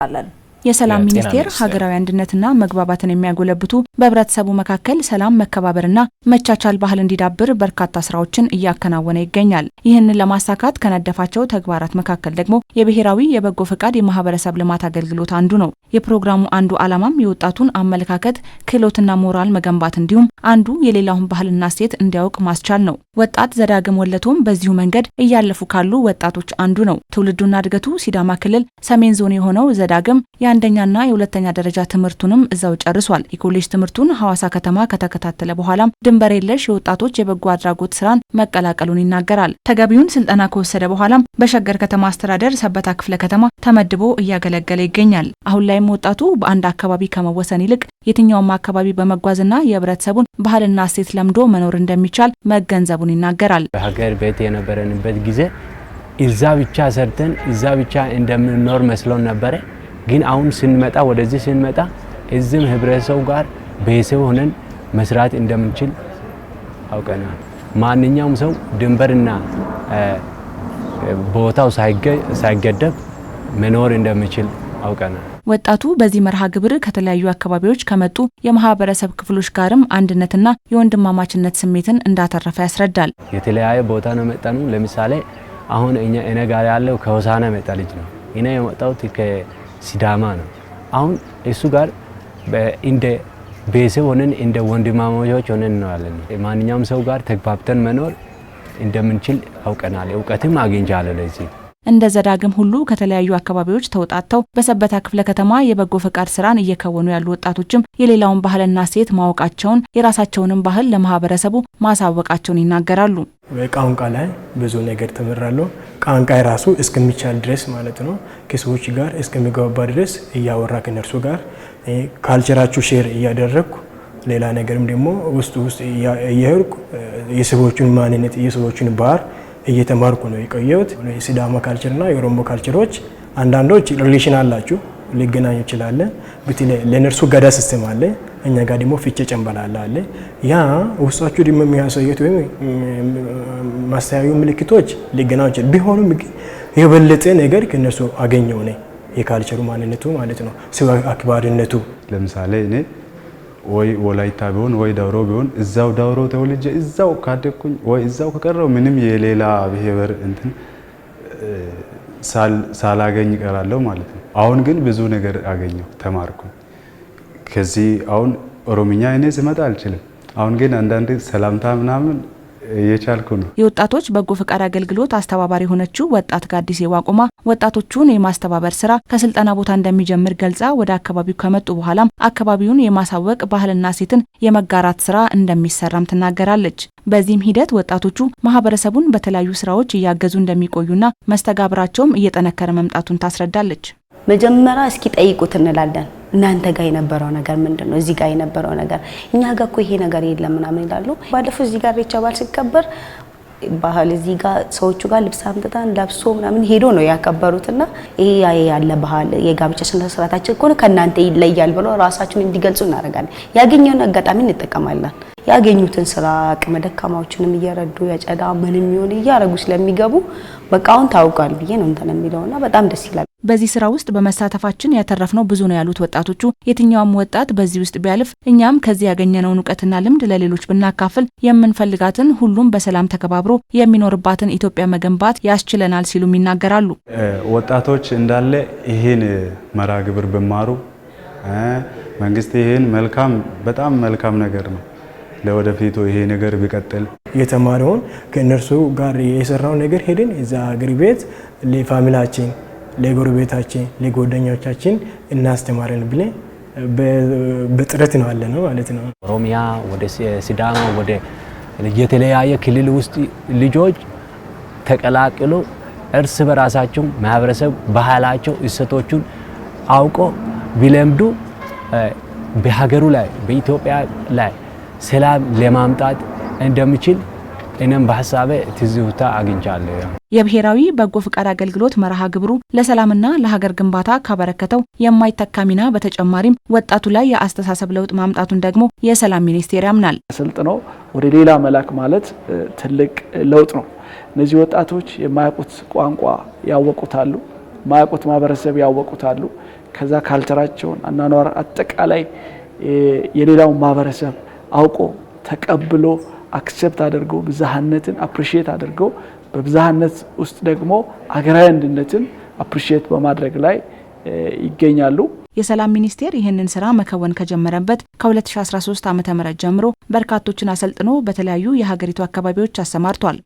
Allen. የሰላም ሚኒስቴር ሀገራዊ አንድነትና መግባባትን የሚያጎለብቱ በህብረተሰቡ መካከል ሰላም፣ መከባበርና መቻቻል ባህል እንዲዳብር በርካታ ስራዎችን እያከናወነ ይገኛል። ይህንን ለማሳካት ከነደፋቸው ተግባራት መካከል ደግሞ የብሔራዊ የበጎ ፈቃድ የማህበረሰብ ልማት አገልግሎት አንዱ ነው። የፕሮግራሙ አንዱ ዓላማም የወጣቱን አመለካከት ክህሎትና ሞራል መገንባት እንዲሁም አንዱ የሌላውን ባህልና እሴት እንዲያውቅ ማስቻል ነው። ወጣት ዘዳግም ወለቶም በዚሁ መንገድ እያለፉ ካሉ ወጣቶች አንዱ ነው። ትውልዱና እድገቱ ሲዳማ ክልል ሰሜን ዞን የሆነው ዘዳግም የአንደኛና የሁለተኛ ደረጃ ትምህርቱንም እዛው ጨርሷል። የኮሌጅ ትምህርቱን ሐዋሳ ከተማ ከተከታተለ በኋላም ድንበር የለሽ የወጣቶች የበጎ አድራጎት ስራን መቀላቀሉን ይናገራል። ተገቢውን ስልጠና ከወሰደ በኋላም በሸገር ከተማ አስተዳደር ሰበታ ክፍለ ከተማ ተመድቦ እያገለገለ ይገኛል። አሁን ላይም ወጣቱ በአንድ አካባቢ ከመወሰን ይልቅ የትኛውም አካባቢ በመጓዝና የህብረተሰቡን ባህልና እሴት ለምዶ መኖር እንደሚቻል መገንዘቡን ይናገራል። በሀገር ቤት የነበረንበት ጊዜ እዛ ብቻ ሰርተን እዛ ብቻ እንደምንኖር መስሎን ነበረ። ግን አሁን ስንመጣ ወደዚህ ስንመጣ እዚህም ህብረተሰቡ ጋር ቤተሰብ ሆነን መስራት እንደምንችል አውቀናል። ማንኛውም ሰው ድንበርና ቦታው ሳይገደብ መኖር እንደምችል አውቀናል። ወጣቱ በዚህ መርሃ ግብር ከተለያዩ አካባቢዎች ከመጡ የማህበረሰብ ክፍሎች ጋርም አንድነትና የወንድማማችነት ስሜትን እንዳተረፈ ያስረዳል። የተለያየ ቦታ ነው መጣኑ። ለምሳሌ አሁን እኔ ጋር ያለው ከሆሳና መጣ ልጅ ነው። እኔ የመጣሁት ሲዳማ ነው። አሁን እሱ ጋር እንደ ቤተሰብ ሆነን እንደ ወንድማማቾች ሆነን ነው ያለን። ማንኛውም ሰው ጋር ተግባብተን መኖር እንደምንችል አውቀናል። እውቀትም አግኝቻለሁ ለዚህ እንደ ዘዳግም ሁሉ ከተለያዩ አካባቢዎች ተውጣጥተው በሰበታ ክፍለ ከተማ የበጎ ፈቃድ ስራን እየከወኑ ያሉ ወጣቶችም የሌላውን ባህልና ሴት ማወቃቸውን የራሳቸውንም ባህል ለማህበረሰቡ ማሳወቃቸውን ይናገራሉ። በቃንቃ ላይ ብዙ ነገር ተምራለሁ። ቃንቃ የራሱ እስከሚቻል ድረስ ማለት ነው ከሰዎች ጋር እስከሚገባ ድረስ እያወራ ከነርሱ ጋር ካልቸራችሁ ሼር እያደረግኩ ሌላ ነገርም ደግሞ ውስጥ ውስጥ እየሄድኩ የሰዎቹን ማንነት የሰዎቹን ባህር እየተማርኩ ነው የቆየሁት። የሲዳማ ካልቸርና የኦሮሞ ካልቸሮች አንዳንዶች ሪሌሽን አላችሁ ሊገናኙ ይችላለ። ለነርሱ ገዳ ሲስተም አለ፣ እኛ ጋር ደግሞ ፍቼ ጨንበላላ አለ። ያ ውስጣችሁ ደግሞ የሚያሳዩት ወይም ማስተያዩ ምልክቶች ሊገናኙ ይችላል። ቢሆንም የበለጠ ነገር ከነሱ አገኘው ነ የካልቸሩ ማንነቱ ማለት ነው፣ ሰው አክባሪነቱ ለምሳሌ እኔ ወይ ወላይታ ቢሆን ወይ ዳውሮ ቢሆን እዛው ዳውሮ ተወልጄ እዛው ካደግኩኝ ወይ እዛው ከቀረው ምንም የሌላ ብሄበር እንትን ሳላገኝ እቀራለሁ ማለት ነው። አሁን ግን ብዙ ነገር አገኘሁ፣ ተማርኩኝ። ከዚህ አሁን ኦሮምኛ እኔ ስመጣ አልችልም። አሁን ግን አንዳንድ ሰላምታ ምናምን የቻልኩ ነው። የወጣቶች በጎ ፈቃድ አገልግሎት አስተባባሪ የሆነችው ወጣት ጋዲስ ዋቁማ ወጣቶቹን የማስተባበር ስራ ከስልጠና ቦታ እንደሚጀምር ገልጻ ወደ አካባቢው ከመጡ በኋላም አካባቢውን የማሳወቅ ባህልና ሴትን የመጋራት ስራ እንደሚሰራም ትናገራለች። በዚህም ሂደት ወጣቶቹ ማህበረሰቡን በተለያዩ ስራዎች እያገዙ እንደሚቆዩና መስተጋብራቸውም እየጠነከረ መምጣቱን ታስረዳለች። መጀመሪያ እስኪ ጠይቁት እንላለን። እናንተ ጋር የነበረው ነገር ምንድን ነው? እዚህ ጋር የነበረው ነገር እኛ ጋር እኮ ይሄ ነገር የለም ምናምን ይላሉ። ባለፈው እዚህ ጋር ኢሬቻ በዓል ሲከበር ባህል እዚህ ጋር ሰዎቹ ጋር ልብስ አምጥታን ለብሶ ምናምን ሄዶ ነው ያከበሩትና ይሄ ያለ ባህል የጋብቻ ስነ ስርዓታችን ከሆነ ከእናንተ ይለያል ብሎ ራሳችን እንዲገልጹ እናደርጋለን። ያገኘውን አጋጣሚ እንጠቀማለን። ያገኙትን ስራ አቅመ ደካማዎችንም እየረዱ ያጨዳ ምንም ይሆን እያረጉ ስለሚገቡ በቃ አሁን ታውቋል ብዬ ነው እንትን የሚለውና በጣም ደስ ይላል። በዚህ ስራ ውስጥ በመሳተፋችን ያተረፍነው ብዙ ነው ያሉት ወጣቶቹ የትኛውም ወጣት በዚህ ውስጥ ቢያልፍ እኛም ከዚህ ያገኘነውን እውቀትና ልምድ ለሌሎች ብናካፍል የምንፈልጋትን ሁሉም በሰላም ተከባብሮ የሚኖርባትን ኢትዮጵያ መገንባት ያስችለናል ሲሉም ይናገራሉ። ወጣቶች እንዳለ ይህን መርሃ ግብር ብማሩ መንግስት ይህን መልካም በጣም መልካም ነገር ነው ለወደፊቱ ይሄ ነገር ቢቀጥል የተማሪውን ከእነርሱ ጋር የሰራው ነገር ሄድን እዛ አገር ቤት ለፋሚላችን ለጎረቤታችን ለጎደኛዎቻችን እናስተማረን ብለን በጥረት ነው አለ ነው ማለት ነው። ኦሮሚያ ወደ ሲዳማ ወደ የተለያየ ክልል ውስጥ ልጆች ተቀላቅሎ እርስ በራሳቸው ማህበረሰብ ባህላቸው እሰቶቹን አውቆ ቢለምዱ በሀገሩ ላይ በኢትዮጵያ ላይ ሰላም ለማምጣት እንደሚችል እኔም በሀሳቤ ትዝብታ አግኝቻለሁ። የብሔራዊ በጎ ፍቃድ አገልግሎት መርሃ ግብሩ ለሰላምና ለሀገር ግንባታ ካበረከተው የማይተካ ሚና በተጨማሪም ወጣቱ ላይ የአስተሳሰብ ለውጥ ማምጣቱን ደግሞ የሰላም ሚኒስቴር ያምናል። አሰልጥኖ ወደ ሌላ መላክ ማለት ትልቅ ለውጥ ነው። እነዚህ ወጣቶች የማያውቁት ቋንቋ ያወቁታሉ፣ ማያውቁት ማህበረሰብ ያወቁታሉ። ከዛ ካልቸራቸውን አናኗር አጠቃላይ የሌላውን ማህበረሰብ አውቆ ተቀብሎ አክሴፕት አድርጎ ብዝሃነትን አፕሪሺየት አድርጎ በብዝሃነት ውስጥ ደግሞ አገራዊ አንድነትን አፕሪሺየት በማድረግ ላይ ይገኛሉ። የሰላም ሚኒስቴር ይህንን ስራ መከወን ከጀመረበት ከ2013 ዓ ም ጀምሮ በርካቶችን አሰልጥኖ በተለያዩ የሀገሪቱ አካባቢዎች አሰማርቷል።